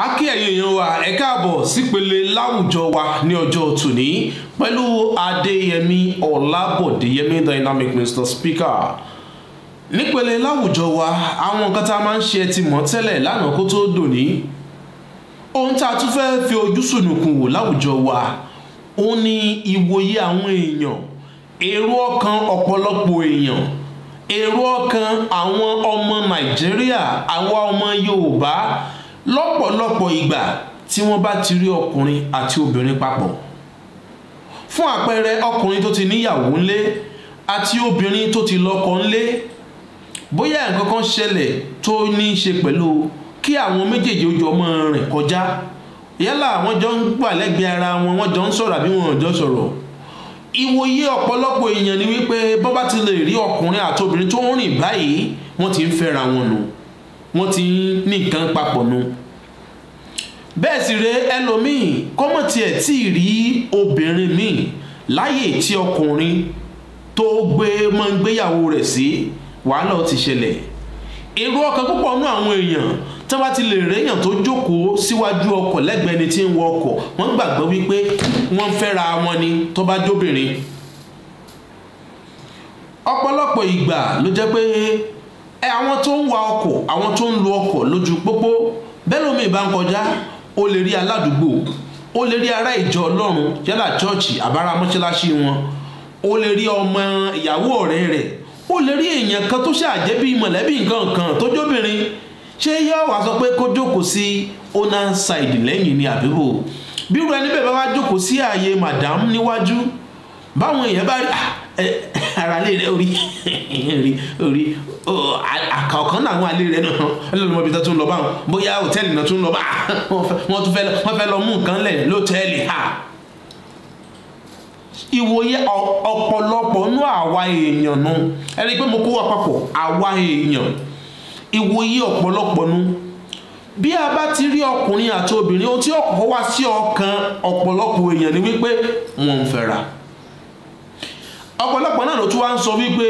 akí ẹ̀yin èèyàn wa ẹ káàbọ̀ sípele láwùjọ wa ní ọjọ́ tòní pẹ̀lú adéyẹmí ọ̀làbọ̀déyẹmí dynamic mr speaker nípele láwùjọ wa àwọn nǹkan tá a máa ń ṣe ti mọ̀ tẹ́lẹ̀ lánàá kó tó dòní ohun tá a tún fẹ́ fi ojú sùnùkùn wò láwùjọ wa ó ní ìwòye àwọn èèyàn èrò ọkàn ọ̀pọ̀lọpọ̀ èèyàn èrò ọkàn àwọn ọmọ nàìjíríà àwa ọmọ yorùbá lọ́pọ̀lọpọ̀ ìgbà tí wọ́n bá ti rí ọkùnrin àti obìnrin papọ̀ fún àpẹẹrẹ ọkùnrin tó ti níyàwó ńlé àti obìnrin tó ti lọ́kọ ńlé bóyá nǹkan kan ṣẹlẹ̀ tó ní í ṣe pẹ̀lú kí àwọn méjèèjì ojú ọmọ rìn kọjá yálà wọ́n jọ ń gbà lẹ́gbẹ̀ẹ́ ara wọn wọ́n jọ ń sọ̀rọ̀ àbí wọn jọ sọ̀rọ̀ ìwòye ọ̀pọ̀lọpọ̀ èèyàn ni wípé bọ́ bá ti lè rí ọkùnrin àti obìnrin tó ń rìn báyìí wọ́n ti ń fẹ́ra wọn nù. No wọ́n ti ń ní nǹkan papọ̀ nu bẹ́ẹ̀ sì rẹ ẹlòmíì kọ́mọ̀ tiẹ̀ tí ì rí obìnrin míì láyè tí ọkùnrin tó gbé máa ń gbéyàwó rẹ̀ sí wàhálà ó ti ṣẹlẹ̀ èrò ọkàn púpọ̀ nú àwọn èèyàn tí wọ́n ti lè réyàn tó jókòó síwájú ọkọ̀ lẹ́gbẹ̀ẹ́ ni tí ń wọ ọkọ̀ wọ́n gbàgbọ́ wípé wọ́n fẹ́ra wọn ni tó bá jóbìnrin ọ̀pọ̀lọpọ̀ ìgbà ló jẹ́ pé ẹ àwọn tó ń wa ọkọ̀ àwọn tó ń lo ọkọ̀ lójú pópó bẹ́ẹ̀ lómi ìbá ń kọjá ó lè rí aládùúgbò ó lè rí ará ìjọ ọlọ́run yálà chọ́ọ̀chì àbára mọ́ṣáláṣí wọn ó lè rí ọmọ ìyàwó ọ̀rẹ́ rẹ̀ ó lè rí èèyàn kan tó ṣàjẹ́ bíi mọ̀lẹ́bí nǹkan kan tó jóbìnrin ṣé yóò wá sọ pé kó jókòó sí owner side lẹ́yìn ni àbíbò bírú ẹni bẹ́ẹ̀ bá wá jókòó sí ààyè madam níwájú báwọn èèyàn bá rí ah, ara lè rẹ orí orí orí àkà ọ̀kan náà àwọn alẹ́ rẹ náà ọlọ́run mọ̀bí tó tún lọ báwọn bóyá hòtẹ́ẹ̀lì náà tún lọ bá wọn tún fẹ́ lọ mú nǹkan lẹ̀ lọ́tẹ́ẹ̀lì ha ìwòye ọ̀pọ̀lọpọ̀ nú àwa èèyàn nu ẹni pé mo kó wa papọ̀ àwa èèyàn ìwòye ọ̀pọ̀lọpọ̀ nu bí a bá ti rí ọkùnrin àti obìnrin ohun tí ọkọ̀ wá sí ọkàn ọ̀pọ̀lọpọ̀ èèyàn ni wípé wọ́n ń fẹ́ra ọ̀pọ̀lọpọ̀ náà ló tún wá ń sọ wípé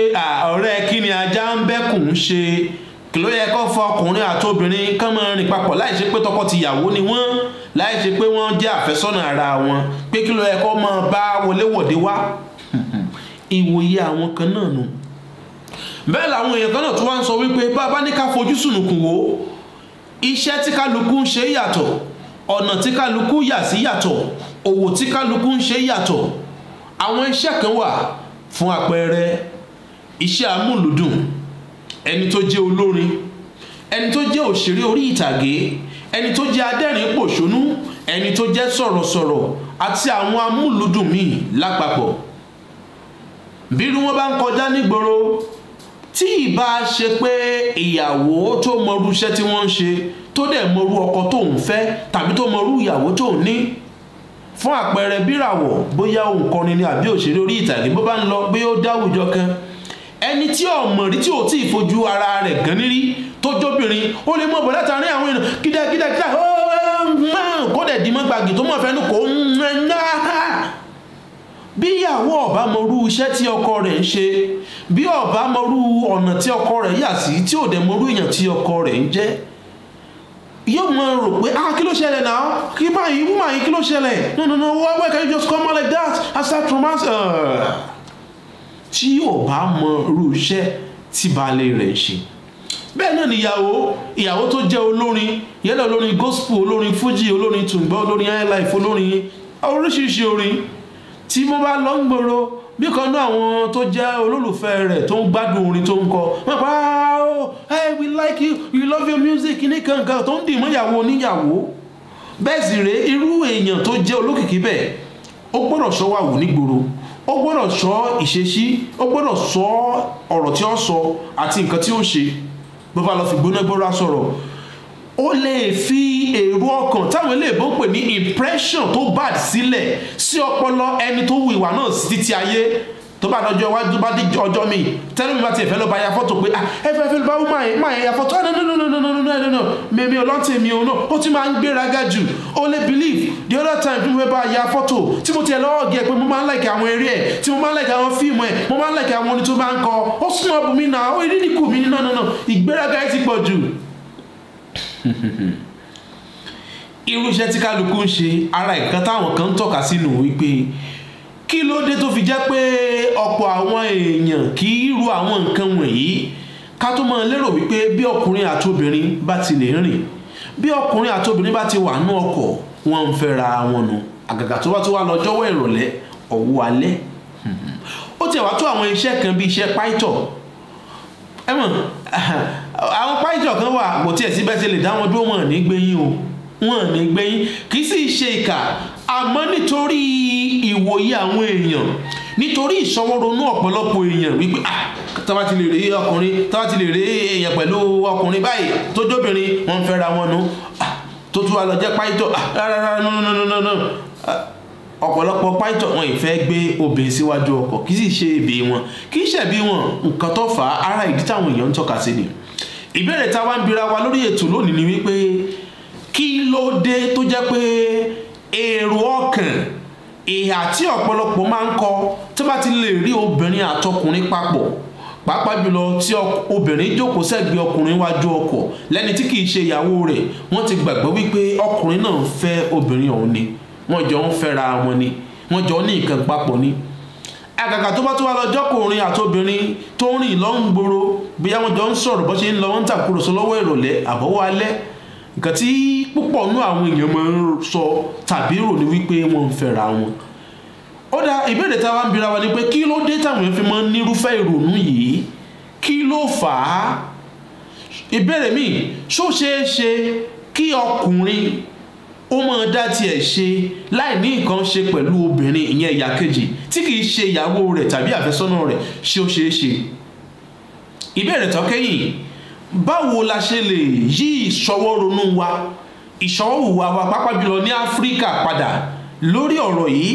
ọ̀rẹ́ kí ni ajá ń bẹ́kùn ṣe kí ló yẹ kó fọ ọkùnrin àti obìnrin kán máa rìn papọ̀ láì ṣe pé tọkọ-tìyàwó ni wọ́n láì ṣe pé wọ́n jẹ́ àfẹ́sọ́nà ara wọn pé kí ló yẹ kó máa bá wọléwọ̀de wá ìwòye àwọn kan náà nù bẹ́ẹ̀ làwọn èèyàn kan náà tún wá ń sọ wípé bá a bá ní ká fojú sùnùkùn wò iṣẹ́ tí kálukú ń ṣe yàtọ̀ ọ̀nà tí kálukú yà sí yàtọ̀ òwò tí kálukú ń ṣe yàtọ̀ àwọn iṣẹ́ kan wà fún àpẹẹrẹ iṣẹ́ amúlùdùn ẹni tó jẹ́ olórin ẹni tó jẹ́ òṣèré orí ìtàgé ẹni tó jẹ́ adẹ́rìn pòṣónú ẹni tó jẹ́ sọ̀rọ̀sọ̀rọ̀ àti àwọn amúlùdùn míì lápapọ̀ bírú wọn bá ń kọjá nígboro tí ìbá ṣe pé ìyàwó tó mọrú iṣẹ́ tí wọ́n ń ṣe tó dẹ̀ mọrú ọkọ tó ń fẹ́ tàbí tó mọrú ìyàwó tó ń ní fún àpẹẹrẹ bíràwọ̀ bóyá òun kọrin ni àbí òṣèré orí ìtàgé bó bá ń lọ bóyá ó dáwùjọ kan ẹni tí ọmọ rí tí ò tí ì fojú ara rẹ̀ gan nírí tó jóbìnrin ó lè mọ̀ bọ̀ látàrí àwọn èèyàn kídà kídà kídà ó kó dẹ̀ di mọ́ gbàgì tó mọ̀ fẹ́nu kò ń bí ìyàwó ọba mọrú iṣẹ́ tí ọkọ rẹ̀ ń ṣe bí ọba mọrú ọ̀nà tí ọkọ rẹ̀ yà sí tí ò dẹ̀ mọrú èèyàn tí ọkọ rẹ̀ ń jẹ́ yóò mọ rò pé ah kí ló ṣẹlẹ̀ náà kí báyìí wúmà yìí kí ló ṣẹlẹ̀ no no no why why can you just come out like that and start romance. Ah. tí ò bá mọ irú iṣẹ́ tí baálé rẹ̀ ń ṣe bẹ́ẹ̀ náà nìyàwó ìyàwó tó jẹ́ olórin yẹ́lẹ̀ olórin gospel olórin fuji olórin tùǹgbọ́ olórin highlife olórin oríṣiríṣi orin tí mo bá lọ́ ń gbòòrò bí kan náà àwọn tó jẹ́ olólùfẹ́ rẹ̀ tó ń gbádùn orin tó ń kọ wọ́n pa ó oh, hey we like you we love your music ní kankan tó ń dì mọ́ ìyàwó oníyàwó bẹ́ẹ̀ sì rèé irú èèyàn tó jẹ́ olókìkí bẹ́ẹ̀ ó gbọ́dọ̀ ṣọ́ wà wò nígboro ó gbọ́dọ̀ ṣọ́ ìṣesí ó gbọ́dọ̀ sọ ọ̀rọ̀ tí ó sọ àti nǹkan tí ó ṣe bó bá lọ fi gbóná gbóná sọ̀rọ̀ ó lè fi èrò ọkàn táwọn eléèbó pè ní impression tó bad sílẹ̀ sí ọpọlọ ẹni tó wu ìwà náà sí títí ayé tó bá dọjọ́ iwájú bá dé ọjọ́ mi tẹ́lẹ̀ mi bá ti ẹ̀fẹ́ lọ bá ya fọ́tò pé ẹ fẹ́ fẹ́ lọ bá wú máa ya no, no, no, no, no, no, no. mímí ọlọ́tì mi òun náà ó ti máa ń gbéraga jù ó lè believe the other time tí mo fẹ́ bá ya fọ́tò tí mo ti ẹ̀ lọ́wọ́ gẹ̀ pé mo máa ń like àwọn eré ẹ̀ tí mo máa ń like àwọn fíìmù ẹ̀ mo máa ń like àwọn orin tó máa ń kọ ó sún ọ̀bùnmi náà ó rí nìkú mi náà náà ìgbéraga ẹ̀ ti pọ̀ jù irúṣẹ́ tí kálukú ń ṣe ara ìkan táwọn kan ń tọ́ka sínú wípé kí ló dé tó fi jẹ́ pé ọ̀pọ̀ àwọn èèyàn kì í ru àwọn nǹkan wọ̀nyí ká tó máa lérò wípé bí ọkùnrin àti obìnrin bá ti lè rìn bí ọkùnrin àti obìnrin bá ti wà ní ọkọ̀ wọn ń fẹ́ra wọn nù àgàgà tó bá tó wà lọ́jọ́wọ́ ìrọ̀lẹ́ ọ̀wọ́ alẹ́ ó ti wá tó àwọn iṣẹ́ kan bí iṣẹ́ pító ẹ̀wọ̀n àwọn pàìjọ kan wà kò tiẹ̀ síbẹ̀ ṣe lè dá wọn dúró wọn ní gbẹ̀yìn o wọn ní gbẹ̀yìn kì í sì ṣe ìkà àmọ́ nítorí ìwòye àwọn èèyàn nítorí ìṣọwọ́ronú ọ̀pọ̀lọpọ̀ èèyàn wípé ah tọ́ba ti lè rí ọkùnrin tọ́ba ti lè rí èèyàn pẹ̀lú ọkùnrin báyìí tó jóbìnrin wọ́n ń fẹ́ra wọn nu ah, tó tún wà lọ jẹ́ pàìtọ́ ah, rárá nínú ah, ọ̀pọ̀lọpọ̀ pàìtọ́ wọn ìfẹ́ gbé obìnrin síwájú ọkọ̀ kì í sì ṣe èbè wọn kì í ṣẹ̀bi wọn nǹkan tó fà á ara ìdí táwọn èèyàn ń tọ́ka sí nìyẹn ìbéèrè tá a wá ń bira wa lórí ètò lónìí ni wípé kí ló dé tó jẹ́ pé èrò ọkàn ìhà tí ọ̀pọ̀lọpọ̀ máa ń kọ tó bá ti lè rí obìnrin àtọkùnrin papọ̀ pàápàá jùlọ tí obìnrin jókòó sẹ́gbẹ́ ọkùnrin wájú ọkọ̀ lẹ́ni tí kìí ṣe ìyàwó rẹ̀ wọ́n ti gbàgbọ́ wípé ọkùnrin náà ń fẹ́ obìnrin ọ̀hún ni wọ́n jọ ń fẹ́ra wọn ni wọ́n jọ ní nǹkan papọ̀ ni àgàgà tó bá tó wá lọ́jọ́ kòrin àtobìnrin tó ń rìn lọ́hùn gbòòrò bí àwọn jọ ń sọ̀rọ̀ bọ́ ṣe ń lọ wọ́n ń tàkùrọ̀sọ lọ́wọ́ ìrọ̀lẹ́ àbọ̀wọ́ alẹ́ nǹkan tí púpọ̀ nú àwọn èèyàn máa ń sọ tàbí rò ní wípé wọ́n ń fẹ́ra wọn. ó dá ìbéèrè tá a wá ń bira wa ni pé kí ló dé táwọn èèyàn fi máa ń nírúfẹ́ ìrònú yìí kí ló fà á ìbéèrè míì ṣó ṣeé ṣe kí ọkùnrin ó máa dá tiẹ̀ ṣe láì ní nǹkan ṣe pẹ̀lú obìnrin ìyẹn ìyá kejì tí kì í ṣe ìyàwó rẹ̀ tàbí àfẹ́sọ́nà rẹ̀ ṣé ó ṣeé ṣe. ìbéèrè tó kẹ́yìn báwo la ṣe lè yí ìṣọwọ́ ronú wa ìṣọwọ́ wùwà wa pápá jùlọ ní áfíríkà padà lórí ọ̀rọ̀ yìí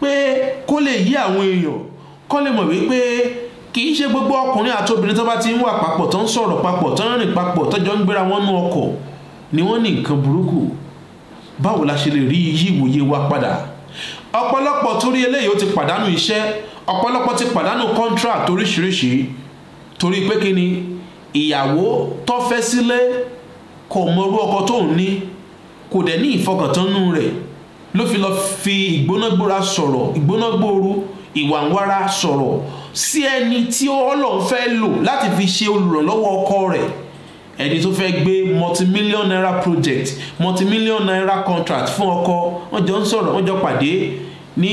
pé kó lè yí àwọn èèyàn kó lè mọ̀ wípé kì í ṣe gbogbo ọkùnrin àti obìnrin tó bá ti ń wà papọ̀ tó ń sọ̀rọ̀ papọ̀ tó ń rìn papọ̀ tó jọ ń gbéra wọn nú ọkọ̀ ni wọ́n ní nǹkan burúkú báwo la ṣe lè rí yí ìwòye wa padà ọ̀pọ̀lọpọ̀ torí eléyìí ó ti pàdánù iṣẹ́ ọ̀pọ̀lọpọ̀ ti pàdánù contract oríṣiríṣi torí pé kí ni ìyàwó tó fẹ́ sílé kò mọrú ọkọ tó ń ní kò dẹ̀ ní ìfọkàntánú rẹ̀ ló fi lọ fi ìgbónágbóra sọ̀rọ̀ ìgbónágbóoru ìwàǹwara sọ̀rọ̀ sí ẹni tí ọlọ́run fẹ́ lò láti fi ṣe olùrànlọ́wọ́ ọkọ rẹ̀ ẹni tó fẹ́ gbé multimillion naira project multimillion naira contract fún ọkọ wọ́n jọ ń sọ̀rọ̀ wọ́n jọ pàdé ní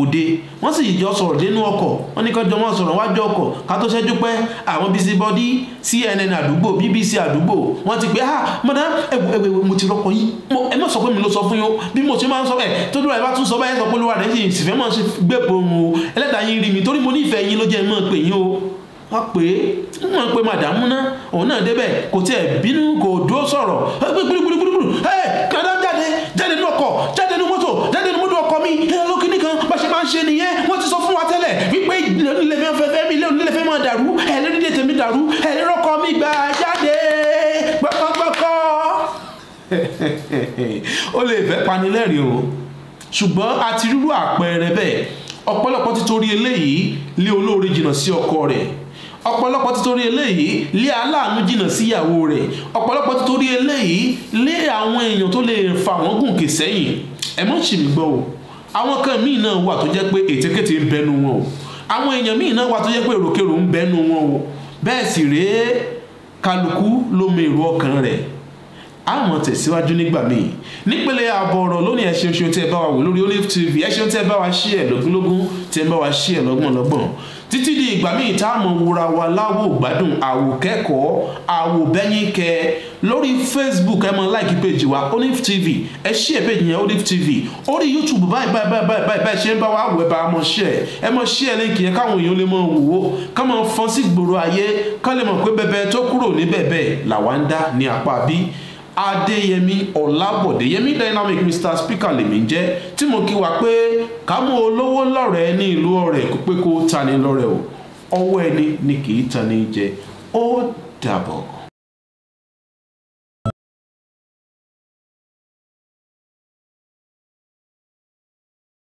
òde wọ́n sì jọ sọ̀rọ̀ dénú ọkọ̀ wọ́n ní kọjọ́ máa sọ̀rọ̀ wájú ọkọ̀ ká tó ṣẹ́jú pẹ́ àwọn bíi bọ́dí cnn àdúgbò bbc àdúgbò wọ́n ti pé ah mọ̀dá ẹ̀wẹ̀wẹ̀ mo ti rọpò yín ẹ má sọ pé mi ló sọ fún yín o bí mo ṣe máa ń sọ bẹ́ẹ̀ tó dúró ẹ bá tún sọ báyẹn sọ pé olúwa rẹ̀ sì fẹ́ máa ṣe gbẹ̀bọ̀n o ẹlẹ́dàá yín rí mi torí mo nífẹ̀ẹ́ yín ló jẹ́ mọ́ pè yín o wọ́n pè é wọ́n pe màdàmú náà òun náà débẹ̀ kò tiẹ̀ bínú kò dúró sọ̀rọ̀ gbúgbúgbúgbúgbú ẹ̀ kàdá jáde jáde nínú ọkọ̀ jáde nínú mọ́tò jáde nínú mọ́tò ọkọ̀ mi ẹ̀ lókè nìkan bá ṣe máa ń ṣe nìyẹn wọ́n ti sọ fún wa tẹ́lẹ̀ wípé ilé mi fẹ́ fẹ́ mi ilé onílé fẹ́ máa dàrú ẹ̀ lónílé tèmi dàrú ẹ̀ lọ́kọ̀ mi gbà jáde gbọ́kọ́gbọ́kọ́ ó lè fẹ́ panilẹ́rìn o ọ̀pọ̀lọpọ̀ ti torí eléyìí lé olóore jìnnà sí ọkọ rẹ̀ ọ̀pọ̀lọpọ̀ títorí eléyìí lé aláàánú jìnnà síyàwó rẹ̀ ọ̀pọ̀lọpọ̀ títorí eléyìí lé àwọn èèyàn tó lè fa àwọn gùnkè sẹ́yìn ẹ mọ̀ ṣì mí gbọ́ o àwọn kan míì náà wà tó jẹ́ pé ètekéte ń bẹnu wọn o àwọn èèyàn míì náà wà tó jẹ́ pé èròkèrò ń bẹnu wọn o bẹ́ẹ̀ sì rèé kálukú ló mọ ọkàn rẹ̀ àwọn tẹ̀síwájú nígbà míì nípele ààbọ̀ lónìí ẹ ṣeun ṣeun bá wa wò lórí olive tv ẹ ṣeun tẹ́ ẹ bá wa ṣí ẹ lógúnlógún tẹ́ bá wa ṣí ẹ lọ́gbọ̀nlọ́gbọ̀n títí di ìgbà míì tá a mọ̀ wura wa láwò gbádùn àwòkẹ́kọ̀ọ́ àwòbẹ́yìnkẹ́ lórí facebook ẹ mọ láìkí péjì wa olive tv ẹ ṣí ẹ péjì yẹn olive tv orí youtube báyìí báyìí báyìí báyìí báyìí ṣe ń bá wa wẹ̀ bá a mọ̀ ṣí ẹ ẹ mọ̀ ṣí ẹ lẹ́yìn kìyẹn káwọn èèyàn lè mọ̀ wò ó ká mọ̀ fọ́n sí gbòòrò ayé ká lè mọ̀ pé bẹ́bẹ́ tó kúrò ní bẹ́ẹ̀ bẹ́ẹ̀ làwa ń dá ní apá bíi adéyẹmí ọlábọ̀déyẹmí dynamic mr speaker lèmi jẹ tí mo kí wa pé kámú olówó lọ́rẹ̀ẹ́ ní ìlú ọrẹ kó pé kó tani lọ́rẹ̀ o ọwọ́ ẹni ni kì í tani jẹ ó dàbọ̀.